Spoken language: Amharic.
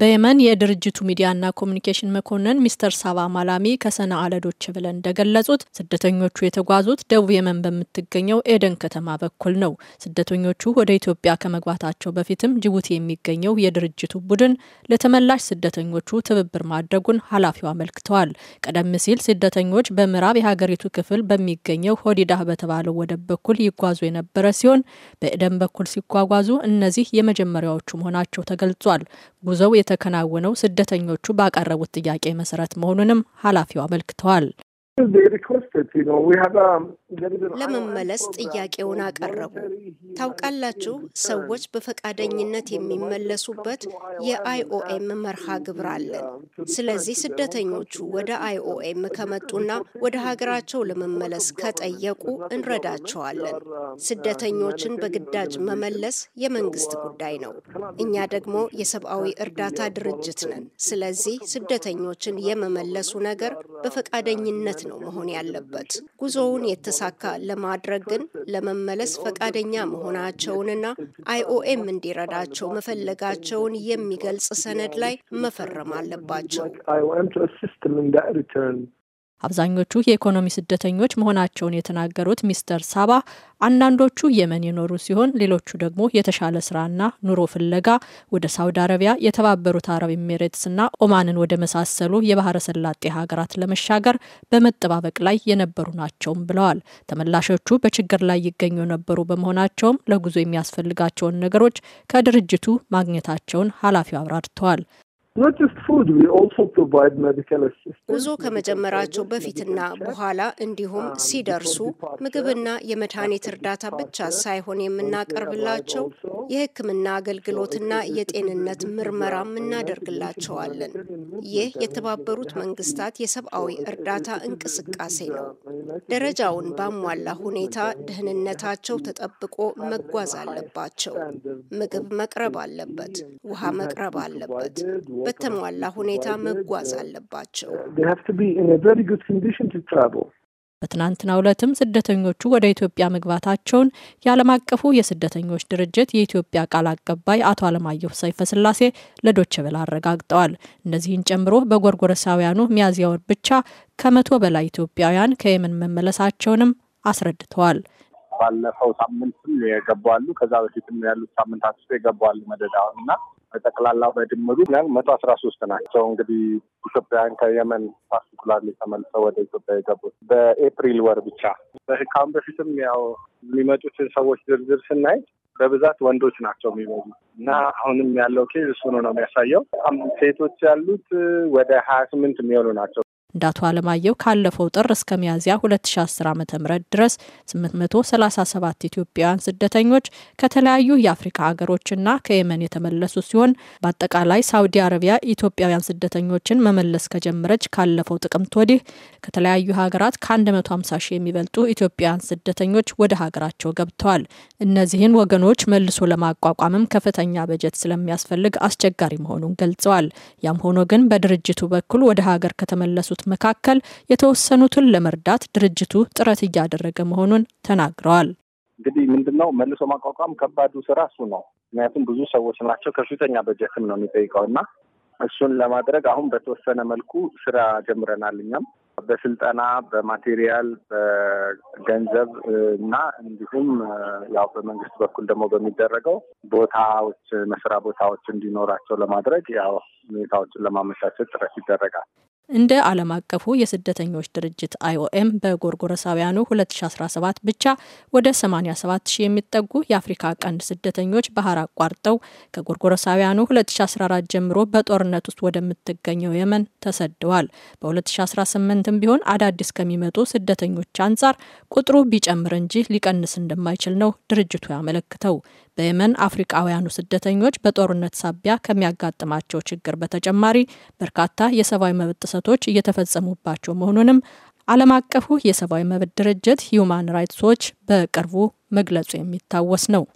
በየመን የድርጅቱ ሚዲያና ኮሚኒኬሽን መኮንን ሚስተር ሳባ ማላሚ ከሰነ አለዶች ብለን እንደገለጹት ስደተኞቹ የተጓዙት ደቡብ የመን በምትገኘው ኤደን ከተማ በኩል ነው። ስደተኞቹ ወደ ኢትዮጵያ ከመግባታቸው በፊትም ጅቡቲ የሚገኘው የድርጅቱ ቡድን ለተመላሽ ስደተኞቹ ትብብር ማድረጉን ኃላፊው አመልክተዋል። ቀደም ሲል ስደተኞች በምዕራብ የሀገሪቱ ክፍል በሚገኘው ሆዲዳህ በተባለው ወደብ በኩል ይጓዙ የነበረ ሲሆን በኤደን በኩል ሲጓጓዙ እነዚህ የመጀመሪያዎቹ መሆናቸው ተገልጿል። ጉዞው የተከናወነው ስደተኞቹ ባቀረቡት ጥያቄ መሰረት መሆኑንም ኃላፊው አመልክተዋል። Um, ለመመለስ ጥያቄውን አቀረቡ። ታውቃላችሁ ሰዎች በፈቃደኝነት um, የሚመለሱበት የአይኦኤም uh, መርሃ ግብር አለን። um, ስለዚህ ስደተኞቹ ወደ uh, አይኦኤም ከመጡና ወደ ሀገራቸው ለመመለስ ከጠየቁ እንረዳቸዋለን። uh, ስደተኞችን በግዳጅ መመለስ የመንግስት ጉዳይ ነው። እኛ ደግሞ የሰብአዊ እርዳታ ድርጅት ነን። ስለዚህ ስደተኞችን የመመለሱ ነገር በፈቃደኝነት ነው መሆን ያለ አለበት። ጉዞውን የተሳካ ለማድረግ ግን ለመመለስ ፈቃደኛ መሆናቸውንና አይኦኤም እንዲረዳቸው መፈለጋቸውን የሚገልጽ ሰነድ ላይ መፈረም አለባቸው። አብዛኞቹ የኢኮኖሚ ስደተኞች መሆናቸውን የተናገሩት ሚስተር ሳባ አንዳንዶቹ የመን የኖሩ ሲሆን ሌሎቹ ደግሞ የተሻለ ስራና ኑሮ ፍለጋ ወደ ሳውዲ አረቢያ፣ የተባበሩት አረብ ኤሚሬትስና ኦማንን ወደ መሳሰሉ የባህረ ሰላጤ ሀገራት ለመሻገር በመጠባበቅ ላይ የነበሩ ናቸውም ብለዋል። ተመላሾቹ በችግር ላይ ይገኙ የነበሩ በመሆናቸውም ለጉዞ የሚያስፈልጋቸውን ነገሮች ከድርጅቱ ማግኘታቸውን ኃላፊው አብራርተዋል። ጉዞ ከመጀመራቸው በፊትና በኋላ እንዲሁም um, ሲደርሱ ምግብና የመድኃኒት እርዳታ ብቻ ሳይሆን የምናቀርብላቸው የሕክምና አገልግሎትና የጤንነት ምርመራም እናደርግላቸዋለን። ይህ የተባበሩት መንግስታት የሰብአዊ እርዳታ እንቅስቃሴ ነው። ደረጃውን ባሟላ ሁኔታ ደህንነታቸው ተጠብቆ መጓዝ አለባቸው። ምግብ መቅረብ አለበት። ውሃ መቅረብ አለበት። በተሟላ ሁኔታ መጓዝ አለባቸው። በትናንትናው ዕለትም ስደተኞቹ ወደ ኢትዮጵያ መግባታቸውን የዓለም አቀፉ የስደተኞች ድርጅት የኢትዮጵያ ቃል አቀባይ አቶ አለማየሁ ሰይፈ ስላሴ ለዶችቨል አረጋግጠዋል። እነዚህን ጨምሮ በጎርጎረሳውያኑ ሚያዝያ ወር ብቻ ከመቶ በላይ ኢትዮጵያውያን ከየመን መመለሳቸውንም አስረድተዋል። ባለፈው ሳምንትም የገቡ አሉ። ከዛ በፊትም ያሉት ሳምንታት ውስጥ የገቡ አሉ መደዳውን እና በጠቅላላው በድምሩ ነን መቶ አስራ ሶስት ናቸው። እንግዲህ ኢትዮጵያውያን ከየመን ፓርቲኩላር ተመልሰው ወደ ኢትዮጵያ የገቡት በኤፕሪል ወር ብቻ። ከአሁን በፊትም ያው የሚመጡትን ሰዎች ዝርዝር ስናይ በብዛት ወንዶች ናቸው የሚበዙ እና አሁንም ያለው ኬዝ እሱ ነው የሚያሳየው። ሴቶች ያሉት ወደ ሀያ ስምንት የሚሆኑ ናቸው። እንደ አቶ አለማየሁ ካለፈው ጥር እስከ ሚያዝያ 2010 ዓ ም ድረስ 837 ኢትዮጵያውያን ስደተኞች ከተለያዩ የአፍሪካ ሀገሮችና ከየመን የተመለሱ ሲሆን በአጠቃላይ ሳውዲ አረቢያ ኢትዮጵያውያን ስደተኞችን መመለስ ከጀመረች ካለፈው ጥቅምት ወዲህ ከተለያዩ ሀገራት ከ150 ሺህ የሚበልጡ ኢትዮጵያውያን ስደተኞች ወደ ሀገራቸው ገብተዋል። እነዚህን ወገኖች መልሶ ለማቋቋምም ከፍተኛ በጀት ስለሚያስፈልግ አስቸጋሪ መሆኑን ገልጸዋል። ያም ሆኖ ግን በድርጅቱ በኩል ወደ ሀገር ከተመለሱ ከተጠቀሱት መካከል የተወሰኑትን ለመርዳት ድርጅቱ ጥረት እያደረገ መሆኑን ተናግረዋል። እንግዲህ ምንድነው መልሶ ማቋቋም ከባዱ ስራ እሱ ነው። ምክንያቱም ብዙ ሰዎች ናቸው፣ ከፍተኛ በጀትም ነው የሚጠይቀው እና እሱን ለማድረግ አሁን በተወሰነ መልኩ ስራ ጀምረናል። እኛም በስልጠና በማቴሪያል፣ በገንዘብ እና እንዲሁም ያው በመንግስት በኩል ደግሞ በሚደረገው ቦታዎች መስሪያ ቦታዎች እንዲኖራቸው ለማድረግ ያው ሁኔታዎችን ለማመቻቸት ጥረት ይደረጋል። እንደ ዓለም አቀፉ የስደተኞች ድርጅት አይኦኤም በጎርጎረሳውያኑ 2017 ብቻ ወደ 87 የሚጠጉ የአፍሪካ ቀንድ ስደተኞች ባህር አቋርጠው ከጎርጎረሳውያኑ 2014 ጀምሮ በጦርነት ውስጥ ወደምትገኘው የመን ተሰደዋል። በ2018ም ቢሆን አዳዲስ ከሚመጡ ስደተኞች አንጻር ቁጥሩ ቢጨምር እንጂ ሊቀንስ እንደማይችል ነው ድርጅቱ ያመለክተው። በየመን አፍሪቃውያኑ ስደተኞች በጦርነት ሳቢያ ከሚያጋጥማቸው ችግር በተጨማሪ በርካታ የሰብአዊ መብት ጥሰቶች እየተፈጸሙባቸው መሆኑንም ዓለም አቀፉ የሰብአዊ መብት ድርጅት ሂዩማን ራይትስ ዎች በቅርቡ መግለጹ የሚታወስ ነው።